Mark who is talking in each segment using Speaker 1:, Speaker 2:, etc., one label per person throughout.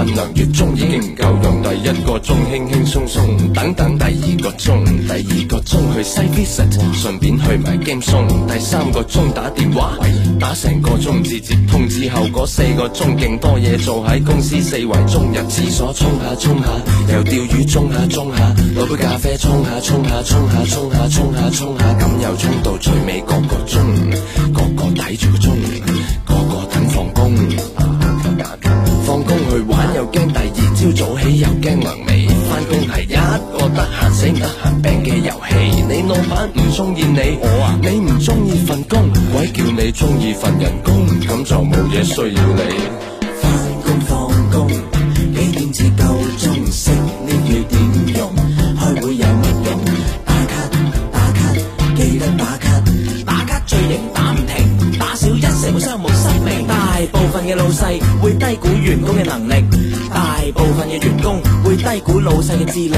Speaker 1: 份量月中已經唔夠用，第一個鐘輕輕鬆鬆，等等第二個鐘，第二個鐘去西 visit，順便去埋金松，第三個鐘打電話，打成個鐘至接通，之後嗰四個鐘勁多嘢做喺公司四圍中，鐘入廁所沖下沖下，又釣魚沖下沖下，攞杯咖啡沖下沖下沖下沖下沖下，咁又沖到最尾嗰個鐘，個個睇住個鐘，個個等放工。又驚第二朝早起，又驚糧尾。翻工，係一個得閒死唔得閒病嘅遊戲。你老闆唔中意你，我啊你唔中意份工，鬼叫你中意份人工，咁就冇嘢需要你。翻工放工，幾
Speaker 2: 點至夠鐘唔識呢要點用？開會有乜用？打卡打卡，記得打卡，打卡最影打唔停，打少一成會商務生命。大部分嘅老細會低估員工嘅能力。大部分嘅員工會低估老細嘅智力，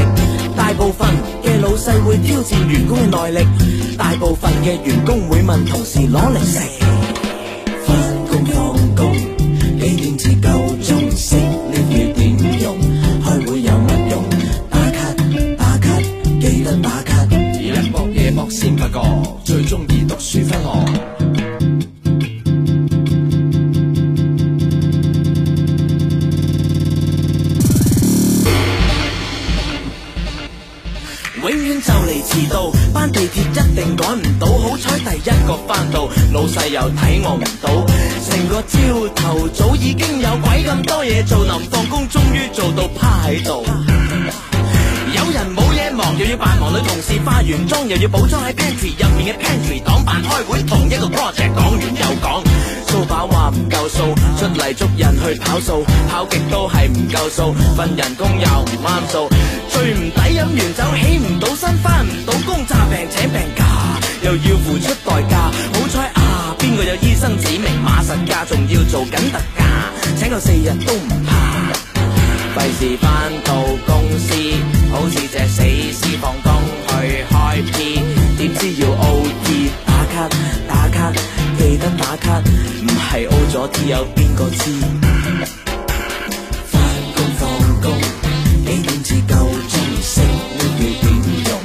Speaker 2: 大部分嘅老細會挑戰員工嘅耐力，大部分嘅員工會問同事攞零食。遲到，班地鐵一定趕唔到，好彩第一個翻到，老細又睇我唔到，成個朝頭早已經有鬼咁多嘢做，臨放工終於做到趴喺度。忙又要扮忙，女同事化完妝又要補妝，喺 pantry 入面嘅 pantry 黨辦開會，同一個 project 講完又講，數把話唔夠數，出嚟捉人去跑數，跑極都係唔夠數，份人工又唔啱數，最唔抵飲完酒起唔到身，翻唔到工詐病請病假，又要付出代價。好彩啊，邊個有醫生指明碼實價，仲要做緊特價，請個四日都唔怕。費事翻到公司，好似隻死屍放工去開 P，點知要 O T 打卡，打卡，記得打卡，唔係 O 咗 T 有邊個知？翻工放工，幾點至夠鐘？升要句點用？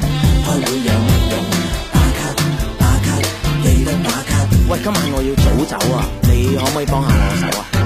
Speaker 2: 開會有乜用？打卡，打卡，記得打卡。喂，今晚我要早走啊，你可唔可以幫下我手啊？